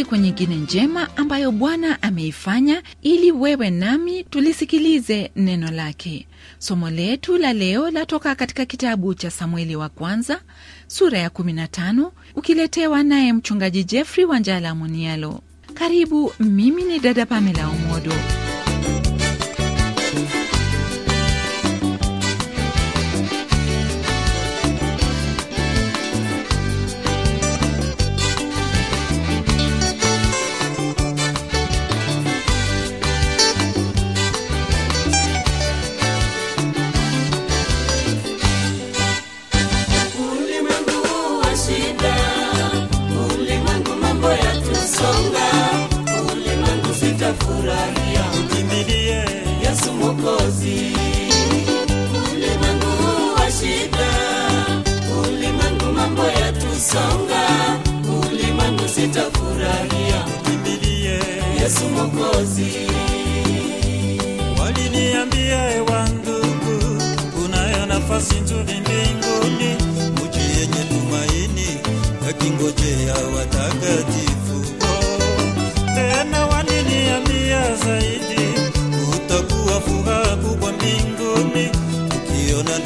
siku nyingine njema ambayo Bwana ameifanya ili wewe nami tulisikilize neno lake. Somo letu la leo latoka katika kitabu cha Samueli wa kwanza sura ya 15 ukiletewa naye mchungaji Jeffrey Wanjala Munialo. Karibu, mimi ni dada Pamela Omodo.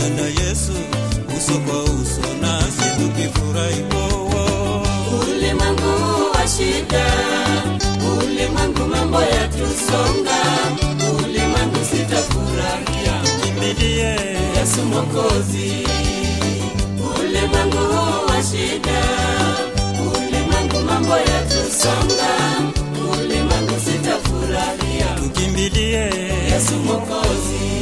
kuonana Yesu uso kwa uso, nasi tukifurahi poa. Ulimwengu wa shida, ulimwengu mambo yatusonga, ulimwengu sitafurahia. Kimbilie Yesu Mwokozi, ulimwengu wa shida, ulimwengu mambo yatusonga, ulimwengu sitafurahia. Tukimbilie Yesu Mwokozi.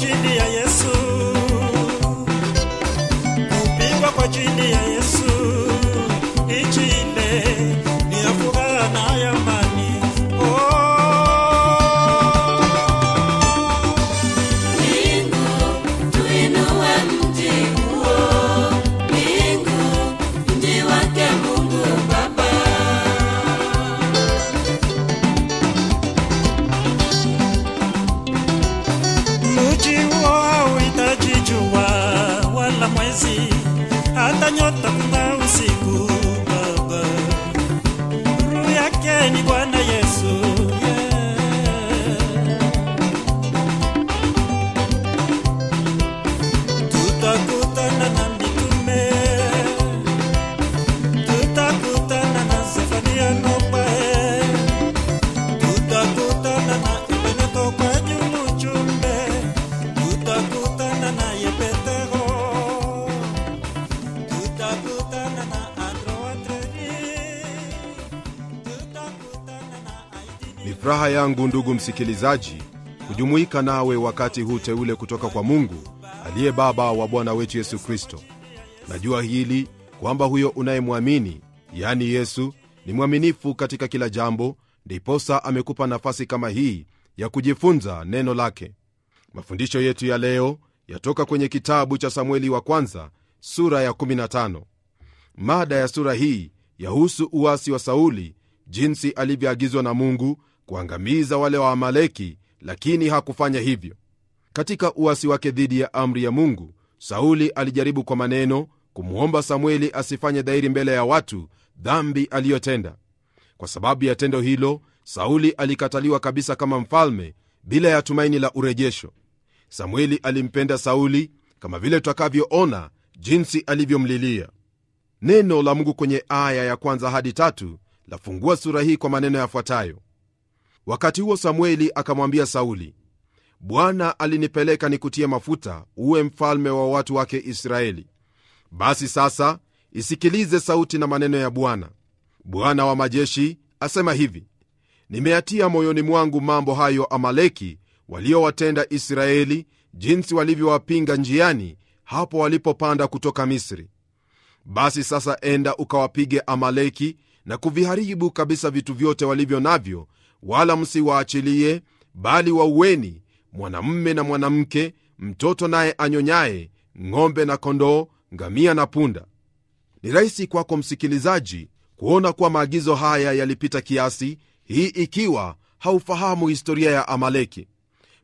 chini ya mwezi hata nyota kuba yangu ndugu msikilizaji kujumuika nawe wakati huu teule kutoka kwa mungu aliye baba wa bwana wetu yesu kristo najua hili kwamba huyo unayemwamini yani yesu ni mwaminifu katika kila jambo ndiposa amekupa nafasi kama hii ya kujifunza neno lake mafundisho yetu ya leo yatoka kwenye kitabu cha samueli wa kwanza sura ya 15 mada ya sura hii yahusu uwasi wa sauli jinsi alivyoagizwa na mungu kuangamiza wale wa Amaleki, lakini hakufanya hivyo. Katika uasi wake dhidi ya amri ya Mungu, Sauli alijaribu kwa maneno kumwomba Samueli asifanye dhahiri mbele ya watu dhambi aliyotenda. Kwa sababu ya tendo hilo, Sauli alikataliwa kabisa kama mfalme bila ya tumaini la urejesho. Samueli alimpenda Sauli kama vile twakavyoona jinsi alivyomlilia. Neno la Mungu kwenye aya ya kwanza hadi tatu lafungua sura hii kwa maneno yafuatayo: wakati huo samueli akamwambia sauli bwana alinipeleka nikutie mafuta uwe mfalme wa watu wake israeli basi sasa isikilize sauti na maneno ya bwana bwana wa majeshi asema hivi nimeatia moyoni mwangu mambo hayo amaleki waliowatenda israeli jinsi walivyowapinga njiani hapo walipopanda kutoka misri basi sasa enda ukawapige amaleki na kuviharibu kabisa vitu vyote walivyo navyo wala msiwaachilie, bali waueni mwanamme na mwanamke, mtoto naye anyonyaye, ng'ombe na kondoo, ngamia na punda. Ni rahisi kwako msikilizaji kuona kuwa maagizo haya yalipita kiasi, hii ikiwa haufahamu historia ya Amaleki.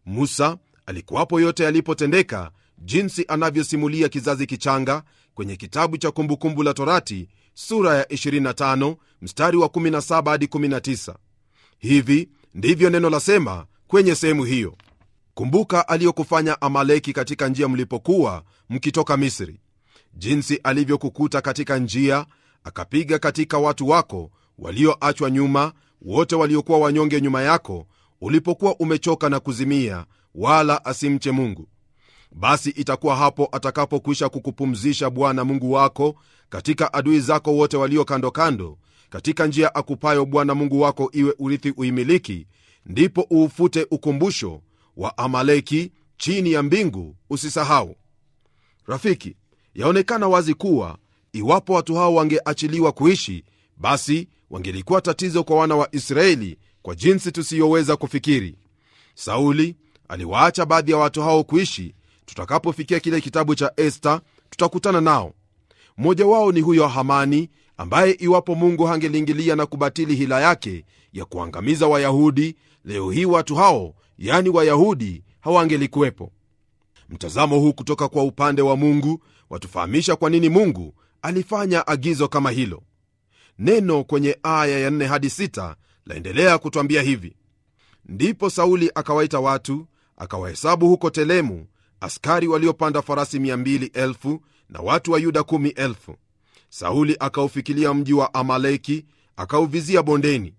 Musa alikuwapo yote yalipotendeka, jinsi anavyosimulia kizazi kichanga kwenye kitabu cha Kumbukumbu la Torati sura ya 25 mstari wa 17 hadi 19 hivi ndivyo neno la sema kwenye sehemu hiyo kumbuka aliyokufanya amaleki katika njia mlipokuwa mkitoka misri jinsi alivyokukuta katika njia akapiga katika watu wako walioachwa nyuma wote waliokuwa wanyonge nyuma yako ulipokuwa umechoka na kuzimia wala asimche mungu basi itakuwa hapo atakapokwisha kukupumzisha bwana mungu wako katika adui zako wote walio kando kando katika njia akupayo Bwana Mungu wako iwe urithi uimiliki, ndipo uufute ukumbusho wa Amaleki chini ya mbingu usisahau. Rafiki, yaonekana wazi kuwa iwapo watu hao wangeachiliwa kuishi, basi wangelikuwa tatizo kwa wana wa Israeli kwa jinsi tusiyoweza kufikiri. Sauli aliwaacha baadhi ya watu hao kuishi. Tutakapofikia kile kitabu cha Esta tutakutana nao. Mmoja wao ni huyo Hamani ambaye iwapo Mungu hangeliingilia na kubatili hila yake ya kuangamiza Wayahudi, leo hii watu hao, yani Wayahudi, hawangelikuwepo. Mtazamo huu kutoka kwa upande wa Mungu watufahamisha kwa nini Mungu alifanya agizo kama hilo. Neno kwenye aya ya hadi 6 laendelea kutwambia hivi: ndipo Sauli akawaita watu akawahesabu huko Telemu askari waliopanda farasi 2 na watu wa Yuda 1 Sauli akaufikilia mji wa Amaleki, akauvizia bondeni.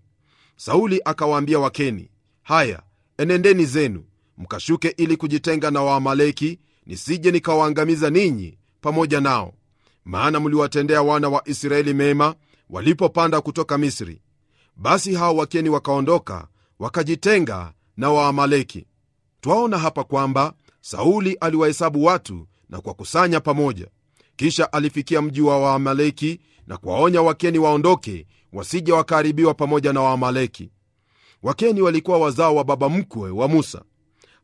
Sauli akawaambia Wakeni, haya enendeni zenu, mkashuke ili kujitenga na Waamaleki, nisije nikawaangamiza ninyi pamoja nao, maana mliwatendea wana wa Israeli mema walipopanda kutoka Misri. Basi hao Wakeni wakaondoka wakajitenga na Waamaleki. Twaona hapa kwamba Sauli aliwahesabu watu na kuwakusanya pamoja. Kisha alifikia mji wa Waamaleki na kuwaonya Wakeni waondoke, wasije wakaharibiwa pamoja na Waamaleki. Wakeni walikuwa wazao wa baba mkwe wa Musa.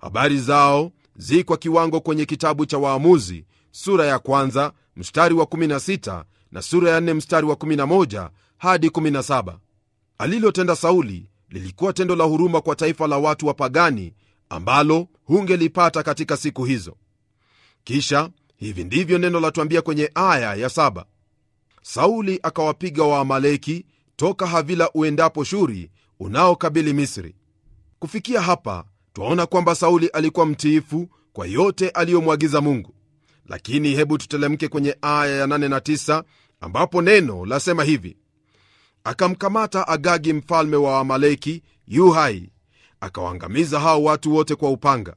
Habari zao zi kwa kiwango kwenye kitabu cha Waamuzi sura ya kwanza mstari wa 16 na sura ya 4 mstari wa 11 hadi 17. Alilotenda Sauli lilikuwa tendo la huruma kwa taifa la watu wa pagani ambalo hungelipata katika siku hizo. Kisha hivi ndivyo neno latuambia kwenye aya ya saba sauli akawapiga waamaleki toka havila uendapo shuri unaokabili misri kufikia hapa twaona kwamba sauli alikuwa mtiifu kwa yote aliyomwagiza mungu lakini hebu tutelemke kwenye aya ya 8 na 9 ambapo neno lasema hivi akamkamata agagi mfalme wa amaleki yu hai akawaangamiza hao watu wote kwa upanga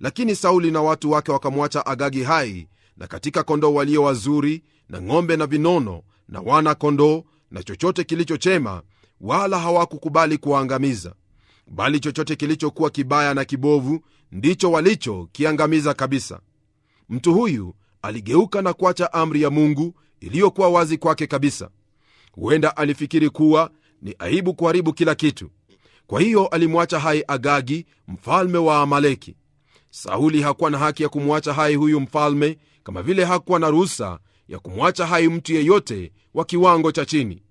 lakini sauli na watu wake wakamwacha agagi hai na katika kondoo walio wazuri na ng'ombe na vinono na wana kondoo na chochote kilichochema, wala hawakukubali kuwaangamiza, bali chochote kilichokuwa kibaya na kibovu ndicho walichokiangamiza kabisa. Mtu huyu aligeuka na kuacha amri ya Mungu iliyokuwa wazi kwake kabisa. Huenda alifikiri kuwa ni aibu kuharibu kila kitu, kwa hiyo alimwacha hai Agagi, mfalme wa Amaleki. Sauli hakuwa na haki ya kumwacha hai huyu mfalme, kama vile hakuwa na ruhusa ya kumwacha hai mtu yeyote wa kiwango cha chini.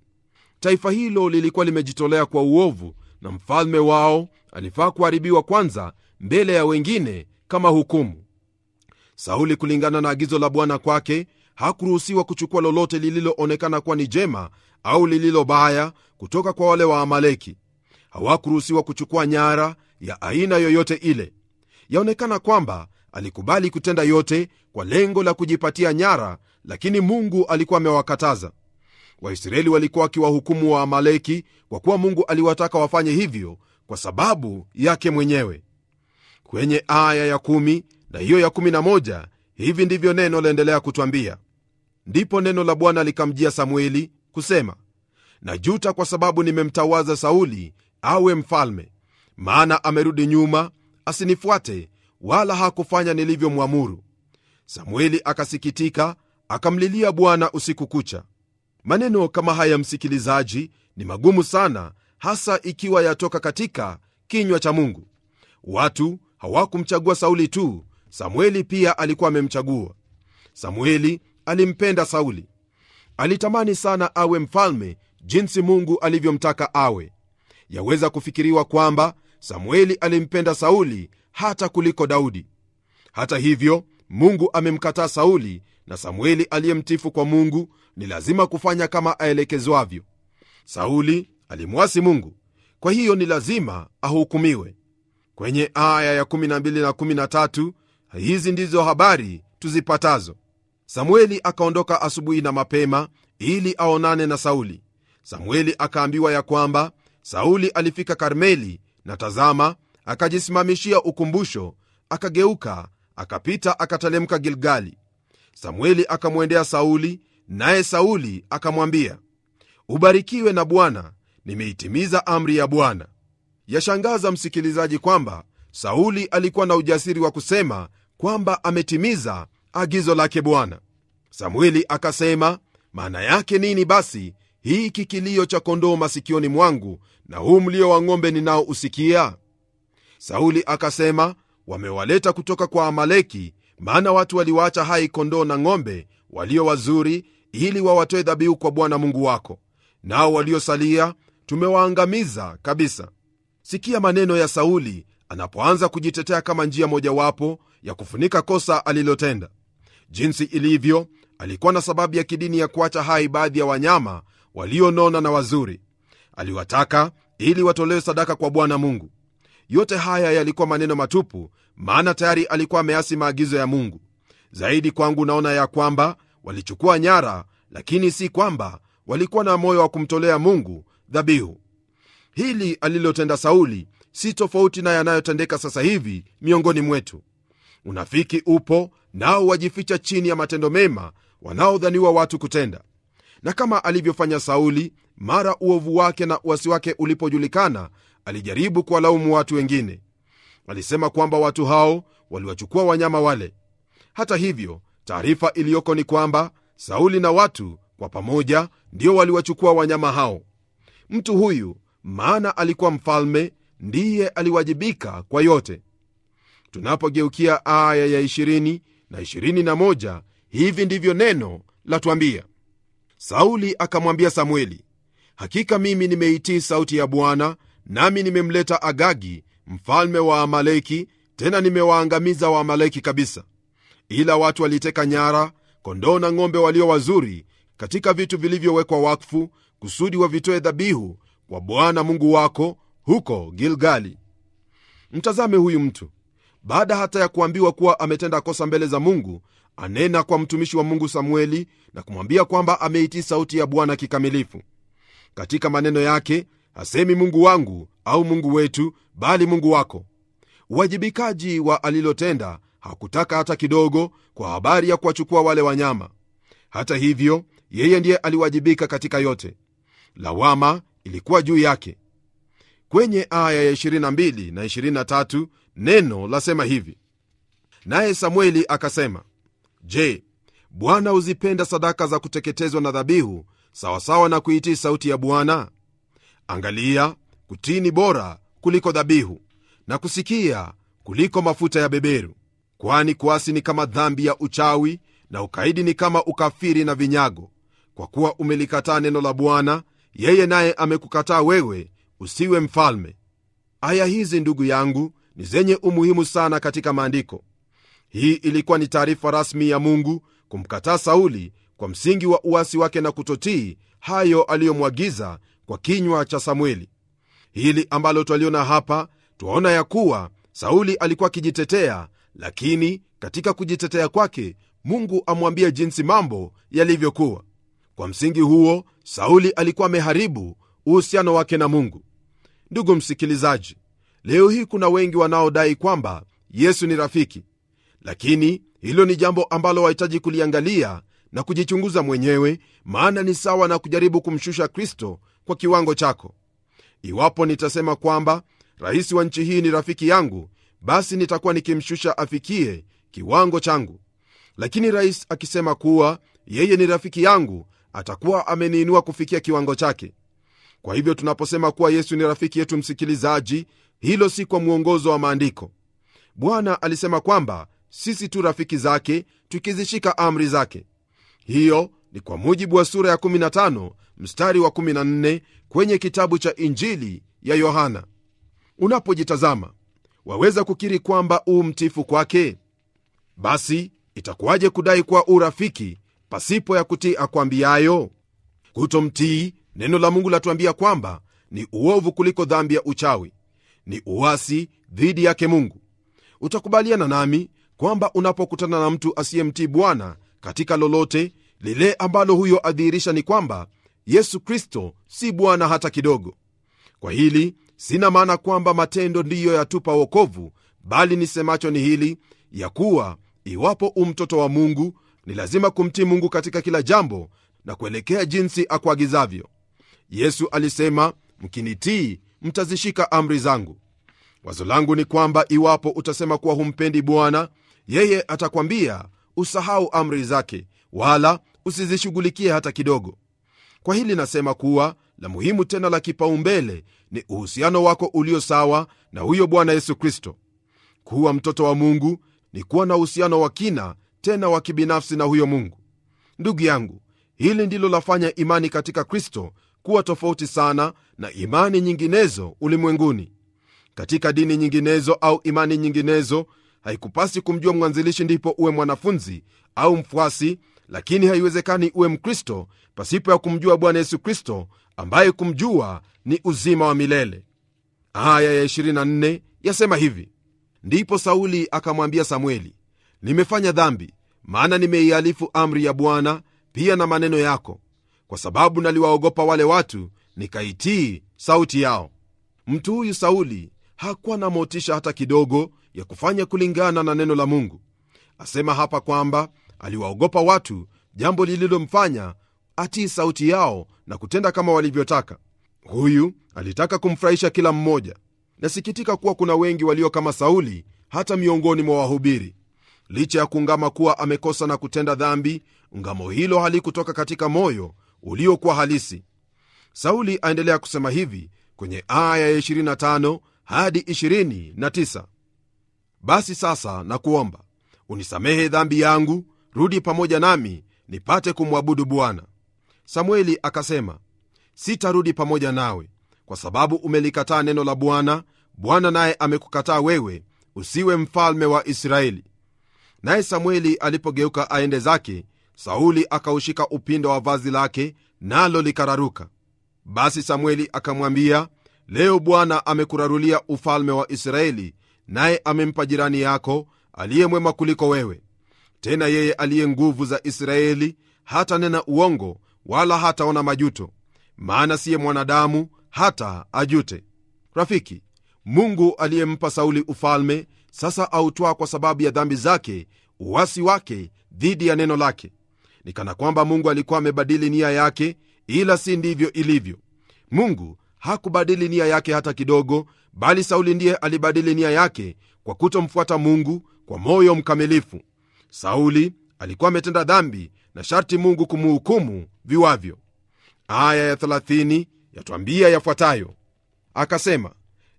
Taifa hilo lilikuwa limejitolea kwa uovu, na mfalme wao alifaa kuharibiwa kwanza mbele ya wengine kama hukumu. Sauli, kulingana na agizo la Bwana kwake, hakuruhusiwa kuchukua lolote lililoonekana kuwa ni jema au lililo baya kutoka kwa wale wa Amaleki. Hawakuruhusiwa kuchukua nyara ya aina yoyote ile. Yaonekana kwamba alikubali kutenda yote kwa lengo la kujipatia nyara lakini mungu alikuwa amewakataza waisraeli walikuwa wakiwahukumu wa amaleki kwa kuwa mungu aliwataka wafanye hivyo kwa sababu yake mwenyewe kwenye aya ya kumi na hiyo ya kumi na moja hivi ndivyo neno laendelea kutwambia ndipo neno la bwana likamjia samueli kusema najuta kwa sababu nimemtawaza sauli awe mfalme maana amerudi nyuma asinifuate wala hakufanya nilivyomwamuru. Samueli akasikitika, akamlilia Bwana usiku kucha. Maneno kama haya, msikilizaji, ni magumu sana, hasa ikiwa yatoka katika kinywa cha Mungu. Watu hawakumchagua Sauli tu, Samueli pia alikuwa amemchagua. Samueli alimpenda Sauli, alitamani sana awe mfalme jinsi Mungu alivyomtaka awe. Yaweza kufikiriwa kwamba Samueli alimpenda Sauli hata kuliko Daudi. Hata hivyo, Mungu amemkataa Sauli, na Samueli aliyemtifu kwa Mungu ni lazima kufanya kama aelekezwavyo. Sauli alimwasi Mungu, kwa hiyo ni lazima ahukumiwe. Kwenye aya ya 12 na 13 hizi ndizo habari tuzipatazo: Samueli akaondoka asubuhi na mapema ili aonane na Sauli. Samueli akaambiwa ya kwamba Sauli alifika Karmeli, na tazama, akajisimamishia ukumbusho akageuka akapita akatelemka gilgali samueli akamwendea sauli naye sauli akamwambia ubarikiwe na bwana nimeitimiza amri ya bwana yashangaza msikilizaji kwamba sauli alikuwa na ujasiri wa kusema kwamba ametimiza agizo lake bwana samueli akasema maana yake nini basi hii kikilio cha kondoo masikioni mwangu na huu mlio wa ng'ombe ninaousikia sauli akasema wamewaleta kutoka kwa amaleki maana watu waliwaacha hai kondoo na ng'ombe walio wazuri ili wawatoe dhabihu kwa bwana mungu wako nao waliosalia tumewaangamiza kabisa sikia maneno ya sauli anapoanza kujitetea kama njia mojawapo ya kufunika kosa alilotenda jinsi ilivyo alikuwa na sababu ya kidini ya kuacha hai baadhi ya wanyama walionona na wazuri aliwataka ili watolewe sadaka kwa bwana mungu yote haya yalikuwa maneno matupu, maana tayari alikuwa ameasi maagizo ya Mungu. Zaidi kwangu, naona ya kwamba walichukua nyara, lakini si kwamba walikuwa na moyo wa kumtolea Mungu dhabihu. Hili alilotenda Sauli si tofauti na yanayotendeka sasa hivi miongoni mwetu. Unafiki upo nao, wajificha chini ya matendo mema wanaodhaniwa watu kutenda, na kama alivyofanya Sauli mara uovu wake na uasi wake ulipojulikana, alijaribu kuwalaumu watu wengine. Alisema kwamba watu hao waliwachukua wanyama wale. Hata hivyo, taarifa iliyoko ni kwamba Sauli na watu kwa pamoja ndio waliwachukua wanyama hao. Mtu huyu maana alikuwa mfalme, ndiye aliwajibika kwa yote. Tunapogeukia aya ya 20 na 21, hivi ndivyo neno latwambia: Sauli akamwambia samueli hakika mimi nimeitii sauti ya Bwana nami nimemleta Agagi mfalme wa Amaleki, tena nimewaangamiza Waamaleki kabisa. Ila watu waliteka nyara kondoo na ng'ombe walio wazuri katika vitu vilivyowekwa wakfu, kusudi wavitoe dhabihu kwa Bwana Mungu wako huko Gilgali. Mtazame huyu mtu, baada hata ya kuambiwa kuwa ametenda kosa mbele za Mungu, anena kwa mtumishi wa Mungu Samueli na kumwambia kwamba ameitii sauti ya Bwana kikamilifu. Katika maneno yake hasemi mungu wangu au mungu wetu bali mungu wako uwajibikaji wa alilotenda hakutaka hata kidogo kwa habari ya kuwachukua wale wanyama hata hivyo yeye ndiye aliwajibika katika yote lawama ilikuwa juu yake kwenye aya ya 22 na 23 neno lasema hivi naye samueli akasema je bwana huzipenda sadaka za kuteketezwa na dhabihu sawasawa na kuitii sauti ya bwana angalia kutini bora kuliko dhabihu na kusikia kuliko mafuta ya beberu kwani kuasi ni kama dhambi ya uchawi na ukaidi ni kama ukafiri na vinyago kwa kuwa umelikataa neno la bwana yeye naye amekukataa wewe usiwe mfalme aya hizi ndugu yangu ni zenye umuhimu sana katika maandiko hii ilikuwa ni taarifa rasmi ya mungu kumkataa sauli kwa msingi wa uasi wake na kutotii hayo aliyomwagiza kwa kinywa cha Samueli. Hili ambalo twaliona hapa, twaona ya kuwa Sauli alikuwa akijitetea, lakini katika kujitetea kwake Mungu amwambia jinsi mambo yalivyokuwa. Kwa msingi huo, Sauli alikuwa ameharibu uhusiano wake na Mungu. Ndugu msikilizaji, leo hii kuna wengi wanaodai kwamba Yesu ni rafiki, lakini hilo ni jambo ambalo wahitaji kuliangalia na kujichunguza mwenyewe, maana ni sawa na kujaribu kumshusha Kristo kwa kiwango chako iwapo nitasema kwamba rais wa nchi hii ni rafiki yangu basi nitakuwa nikimshusha afikie kiwango changu lakini rais akisema kuwa yeye ni rafiki yangu atakuwa ameniinua kufikia kiwango chake kwa hivyo tunaposema kuwa yesu ni rafiki yetu msikilizaji hilo si kwa mwongozo wa maandiko bwana alisema kwamba sisi tu rafiki zake tukizishika amri zake hiyo ni kwa mujibu wa sura ya 15 mstari wa 14 kwenye kitabu cha Injili ya Yohana. Unapojitazama waweza kukiri kwamba u mtifu kwake? Basi itakuwaje kudai kuwa urafiki pasipo ya kutii akwambiayo? Kutomtii, neno la Mungu latuambia kwamba ni uovu kuliko dhambi ya uchawi, ni uasi dhidi yake Mungu. Utakubaliana nami kwamba unapokutana na mtu asiyemtii Bwana katika lolote, lile ambalo huyo adhihirisha ni kwamba yesu kristo si bwana hata kidogo kwa hili sina maana kwamba matendo ndiyo yatupa wokovu bali nisemacho ni hili ya kuwa iwapo umtoto wa mungu ni lazima kumtii mungu katika kila jambo na kuelekea jinsi akuagizavyo yesu alisema mkinitii mtazishika amri zangu wazo langu ni kwamba iwapo utasema kuwa humpendi bwana yeye atakwambia usahau amri zake wala usizishughulikie hata kidogo kwa hili nasema kuwa la muhimu tena la kipaumbele ni uhusiano wako ulio sawa na huyo bwana yesu kristo kuwa mtoto wa mungu ni kuwa na uhusiano wa kina tena wa kibinafsi na huyo mungu ndugu yangu hili ndilo lafanya imani katika kristo kuwa tofauti sana na imani nyinginezo ulimwenguni katika dini nyinginezo au imani nyinginezo haikupasi kumjua mwanzilishi ndipo uwe mwanafunzi au mfuasi lakini haiwezekani uwe Mkristo pasipo ya kumjua Bwana Yesu Kristo, ambaye kumjua ni uzima wa milele. Aya ya 24 yasema hivi: ndipo Sauli akamwambia samueli nimefanya dhambi, maana nimeihalifu amri ya Bwana pia na maneno yako, kwa sababu naliwaogopa wale watu, nikaitii sauti yao. Mtu huyu Sauli hakuwa na motisha hata kidogo ya kufanya kulingana na neno la Mungu. Asema hapa kwamba aliwaogopa watu, jambo lililomfanya atii sauti yao na kutenda kama walivyotaka. Huyu alitaka kumfurahisha kila mmoja. Nasikitika kuwa kuna wengi walio kama Sauli hata miongoni mwa wahubiri. Licha ya kuungama kuwa amekosa na kutenda dhambi, ngamo hilo halikutoka katika moyo uliokuwa halisi. Sauli aendelea kusema hivi kwenye aya ya 25 hadi 29: basi sasa nakuomba unisamehe dhambi yangu, rudi pamoja nami nipate kumwabudu Bwana. Samueli akasema, sitarudi pamoja nawe, kwa sababu umelikataa neno la Bwana. Bwana naye amekukataa wewe, usiwe mfalme wa Israeli. Naye Samueli alipogeuka aende zake, Sauli akaushika upindo wa vazi lake, nalo likararuka. Basi Samueli akamwambia, leo Bwana amekurarulia ufalme wa Israeli, naye amempa jirani yako aliye mwema kuliko wewe tena yeye aliye nguvu za Israeli hatanena uongo wala hataona majuto, maana siye mwanadamu hata ajute. Rafiki, Mungu aliyempa Sauli ufalme sasa autwaa kwa sababu ya dhambi zake, uwasi wake dhidi ya neno lake. Ni kana kwamba Mungu alikuwa amebadili nia yake, ila si ndivyo ilivyo. Mungu hakubadili nia yake hata kidogo, bali Sauli ndiye alibadili nia yake kwa kutomfuata Mungu kwa moyo mkamilifu. Sauli alikuwa ametenda dhambi na sharti Mungu kumuhukumu viwavyo. Aya ya thelathini yatwambia yafuatayo: akasema,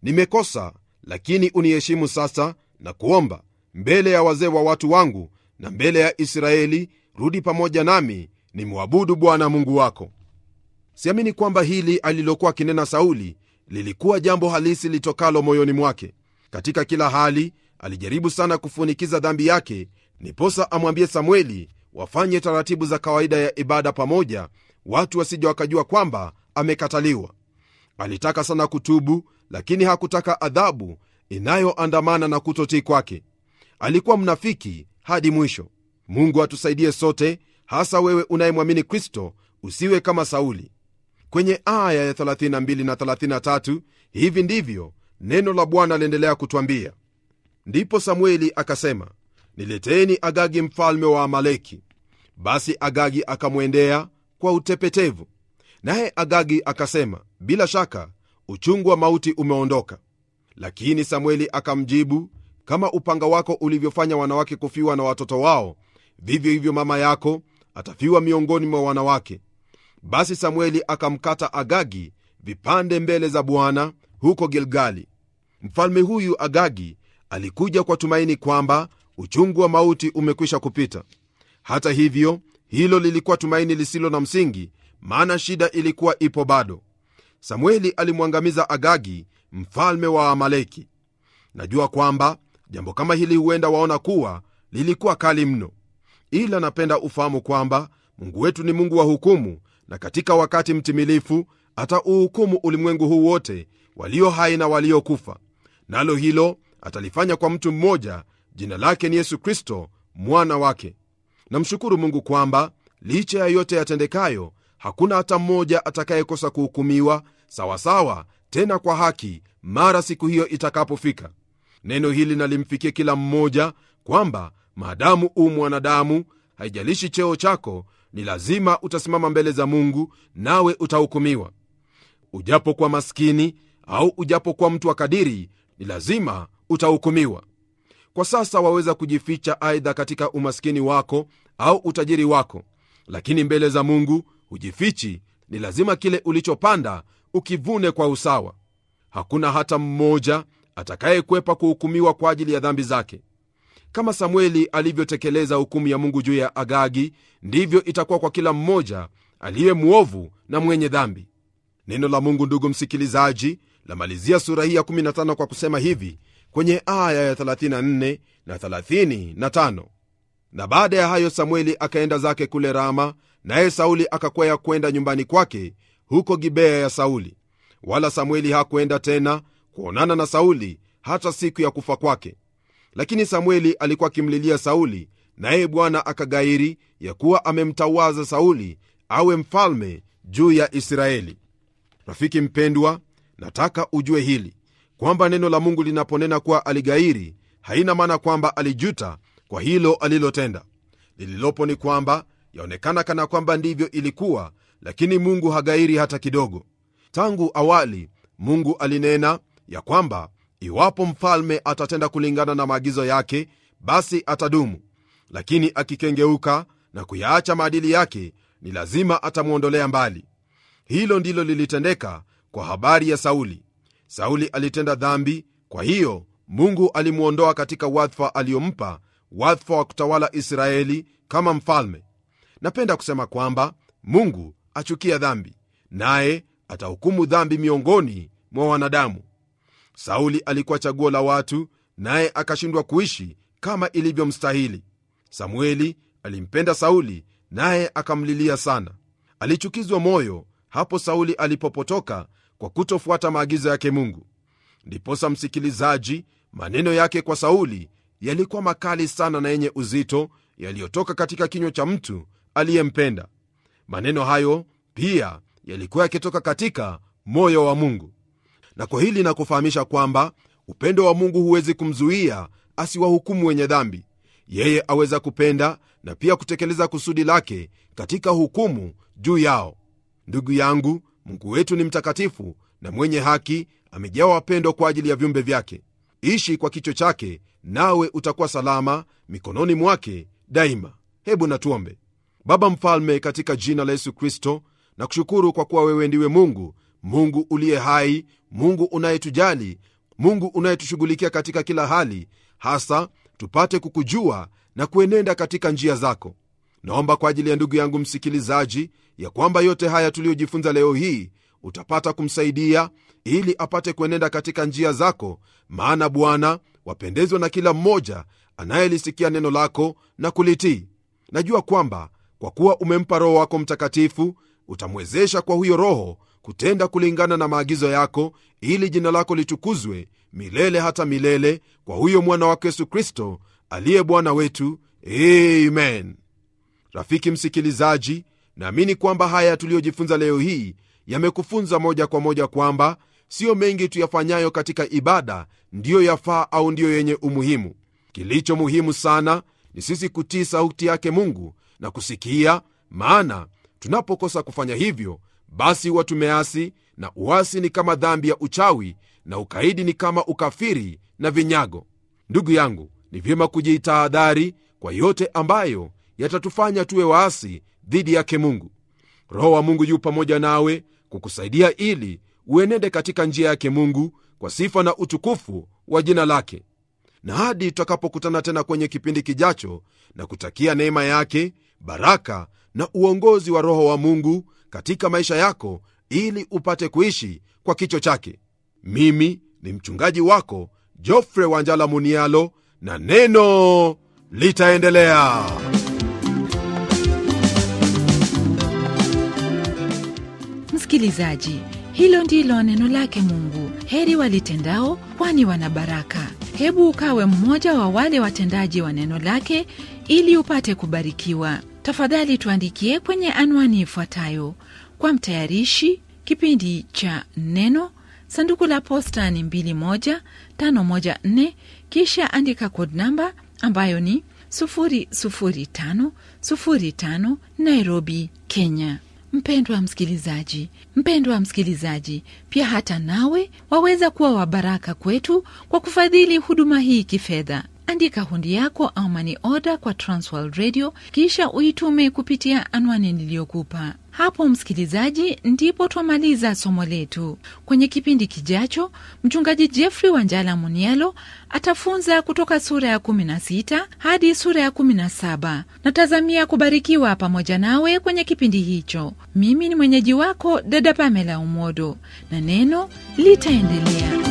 nimekosa, lakini uniheshimu sasa na kuomba mbele ya wazee wa watu wangu na mbele ya Israeli, rudi pamoja nami nimwabudu Bwana Mungu wako. Siamini kwamba hili alilokuwa akinena Sauli lilikuwa jambo halisi litokalo moyoni mwake. Katika kila hali alijaribu sana kufunikiza dhambi yake ndiposa amwambie samueli wafanye taratibu za kawaida ya ibada pamoja, watu wasija wakajua kwamba amekataliwa. Alitaka sana kutubu, lakini hakutaka adhabu inayoandamana na kutotii kwake. Alikuwa mnafiki hadi mwisho. Mungu atusaidie sote, hasa wewe unayemwamini Kristo, usiwe kama Sauli. Kwenye aya ya 32 na 33, hivi ndivyo neno la Bwana aliendelea kutwambia: ndipo Samueli akasema nileteni Agagi mfalme wa Amaleki. Basi Agagi akamwendea kwa utepetevu, naye Agagi akasema, bila shaka uchungu wa mauti umeondoka. Lakini Samueli akamjibu, kama upanga wako ulivyofanya wanawake kufiwa na watoto wao, vivyo hivyo mama yako atafiwa miongoni mwa wanawake. Basi Samueli akamkata Agagi vipande mbele za Bwana huko Gilgali. Mfalme huyu Agagi alikuja kwa tumaini kwamba uchungu wa mauti umekwisha kupita hata hivyo hilo lilikuwa tumaini lisilo na msingi maana shida ilikuwa ipo bado samueli alimwangamiza agagi mfalme wa amaleki najua kwamba jambo kama hili huenda waona kuwa lilikuwa kali mno ila napenda ufahamu kwamba mungu wetu ni mungu wa hukumu na katika wakati mtimilifu atauhukumu ulimwengu huu wote walio hai na waliokufa nalo hilo atalifanya kwa mtu mmoja jina lake ni Yesu Kristo mwana wake. Namshukuru Mungu kwamba licha ya yote yatendekayo, hakuna hata mmoja atakayekosa kuhukumiwa sawasawa, tena kwa haki, mara siku hiyo itakapofika. Neno hili nalimfikia kila mmoja kwamba maadamu u mwanadamu, haijalishi cheo chako, ni lazima utasimama mbele za Mungu nawe utahukumiwa. Ujapokuwa maskini au ujapokuwa mtu wa kadiri, ni lazima utahukumiwa kwa sasa waweza kujificha aidha katika umaskini wako au utajiri wako lakini mbele za mungu hujifichi ni lazima kile ulichopanda ukivune kwa usawa hakuna hata mmoja atakayekwepa kuhukumiwa kwa ajili ya dhambi zake kama samueli alivyotekeleza hukumu ya mungu juu ya agagi ndivyo itakuwa kwa kila mmoja aliye mwovu na mwenye dhambi neno la mungu ndugu msikilizaji lamalizia sura hii ya 15 kwa kusema hivi kwenye aya ya 34 na 35. Na baada ya hayo Samueli akaenda zake kule Rama, naye Sauli akakwea kwenda nyumbani kwake huko Gibea ya Sauli. Wala Samueli hakuenda tena kuonana na Sauli hata siku ya kufa kwake. Lakini Samueli alikuwa akimlilia Sauli, naye Bwana akagairi ya kuwa amemtawaza Sauli awe mfalme juu ya Israeli. Rafiki mpendwa, nataka ujue hili kwamba neno la Mungu linaponena kuwa aligairi, haina maana kwamba alijuta kwa hilo alilotenda. Lililopo ni kwamba yaonekana kana kwamba ndivyo ilikuwa, lakini Mungu hagairi hata kidogo. Tangu awali Mungu alinena ya kwamba iwapo mfalme atatenda kulingana na maagizo yake, basi atadumu, lakini akikengeuka na kuyaacha maadili yake, ni lazima atamwondolea mbali. Hilo ndilo lilitendeka kwa habari ya Sauli. Sauli alitenda dhambi, kwa hiyo Mungu alimwondoa katika wadhifa aliyompa, wadhifa wa kutawala Israeli kama mfalme. Napenda kusema kwamba Mungu achukia dhambi, naye atahukumu dhambi miongoni mwa wanadamu. Sauli alikuwa chaguo la watu, naye akashindwa kuishi kama ilivyomstahili. Samueli alimpenda Sauli, naye akamlilia sana. Alichukizwa moyo hapo Sauli alipopotoka kwa kutofuata maagizo yake mungu ndiposa msikilizaji maneno yake kwa sauli yalikuwa makali sana na yenye uzito yaliyotoka katika kinywa cha mtu aliyempenda maneno hayo pia yalikuwa yakitoka katika moyo wa mungu na kwa hili nakufahamisha kwamba upendo wa mungu huwezi kumzuia asiwahukumu wenye dhambi yeye aweza kupenda na pia kutekeleza kusudi lake katika hukumu juu yao ndugu yangu Mungu wetu ni mtakatifu na mwenye haki, amejawa pendo kwa ajili ya viumbe vyake. Ishi kwa kicho chake, nawe utakuwa salama mikononi mwake daima. Hebu natuombe. Baba Mfalme, katika jina la Yesu Kristo, nakushukuru kwa kuwa wewe ndiwe Mungu, Mungu uliye hai, Mungu unayetujali, Mungu unayetushughulikia katika kila hali, hasa tupate kukujua na kuenenda katika njia zako. Naomba kwa ajili ya ndugu yangu msikilizaji ya kwamba yote haya tuliyojifunza leo hii utapata kumsaidia ili apate kuenenda katika njia zako maana bwana wapendezwa na kila mmoja anayelisikia neno lako na kulitii najua kwamba kwa kuwa umempa roho wako mtakatifu utamwezesha kwa huyo roho kutenda kulingana na maagizo yako ili jina lako litukuzwe milele hata milele kwa huyo mwana wako yesu kristo aliye bwana wetu amen rafiki msikilizaji naamini kwamba haya tuliyojifunza leo hii yamekufunza moja kwa moja kwamba siyo mengi tuyafanyayo katika ibada ndiyo yafaa au ndiyo yenye umuhimu. Kilicho muhimu sana ni sisi kutii sauti yake Mungu na kusikia, maana tunapokosa kufanya hivyo, basi huwa tumeasi, na uasi ni kama dhambi ya uchawi, na ukaidi ni kama ukafiri na vinyago. Ndugu yangu, ni vyema kujitahadhari kwa yote ambayo yatatufanya tuwe waasi dhidi yake mungu roho wa mungu yu pamoja nawe kukusaidia ili uenende katika njia yake mungu kwa sifa na utukufu wa jina lake na hadi tutakapokutana tena kwenye kipindi kijacho na kutakia neema yake baraka na uongozi wa roho wa mungu katika maisha yako ili upate kuishi kwa kicho chake mimi ni mchungaji wako jofre wanjala munialo na neno litaendelea msikilizaji, hilo ndilo neno lake Mungu. Heri walitendao, kwani wana baraka. Hebu ukawe mmoja wa wale watendaji wa neno lake ili upate kubarikiwa. Tafadhali tuandikie kwenye anwani ifuatayo: kwa mtayarishi kipindi cha Neno, sanduku la posta ni 21514, kisha andika kod namba ambayo ni 55 Nairobi, Kenya. Mpendwa msikilizaji, mpendwa msikilizaji, pia hata nawe waweza kuwa wa baraka kwetu kwa kufadhili huduma hii kifedha andika hundi yako au mani oda kwa Transworld Radio kisha uitume kupitia anwani niliyokupa hapo. Msikilizaji, ndipo twamaliza somo letu. Kwenye kipindi kijacho, mchungaji Jeffrey Wanjala Munialo atafunza kutoka sura ya 16 hadi sura ya 17. Natazamia kubarikiwa pamoja nawe kwenye kipindi hicho. Mimi ni mwenyeji wako dada Pamela Umodo, na neno litaendelea.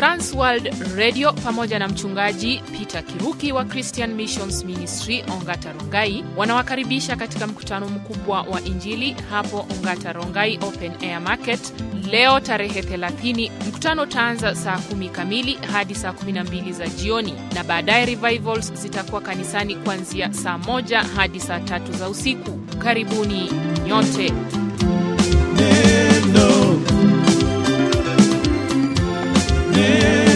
Trans World Radio pamoja na mchungaji Peter Kiruki wa Christian Missions Ministry Ongata Rongai wanawakaribisha katika mkutano mkubwa wa Injili hapo Ongata Rongai Open Air Market leo tarehe 30. Mkutano utaanza saa 1 kamili hadi saa 12 za jioni, na baadaye revivals zitakuwa kanisani kuanzia saa moja hadi saa tatu za usiku. Karibuni nyote. Neno. Deus.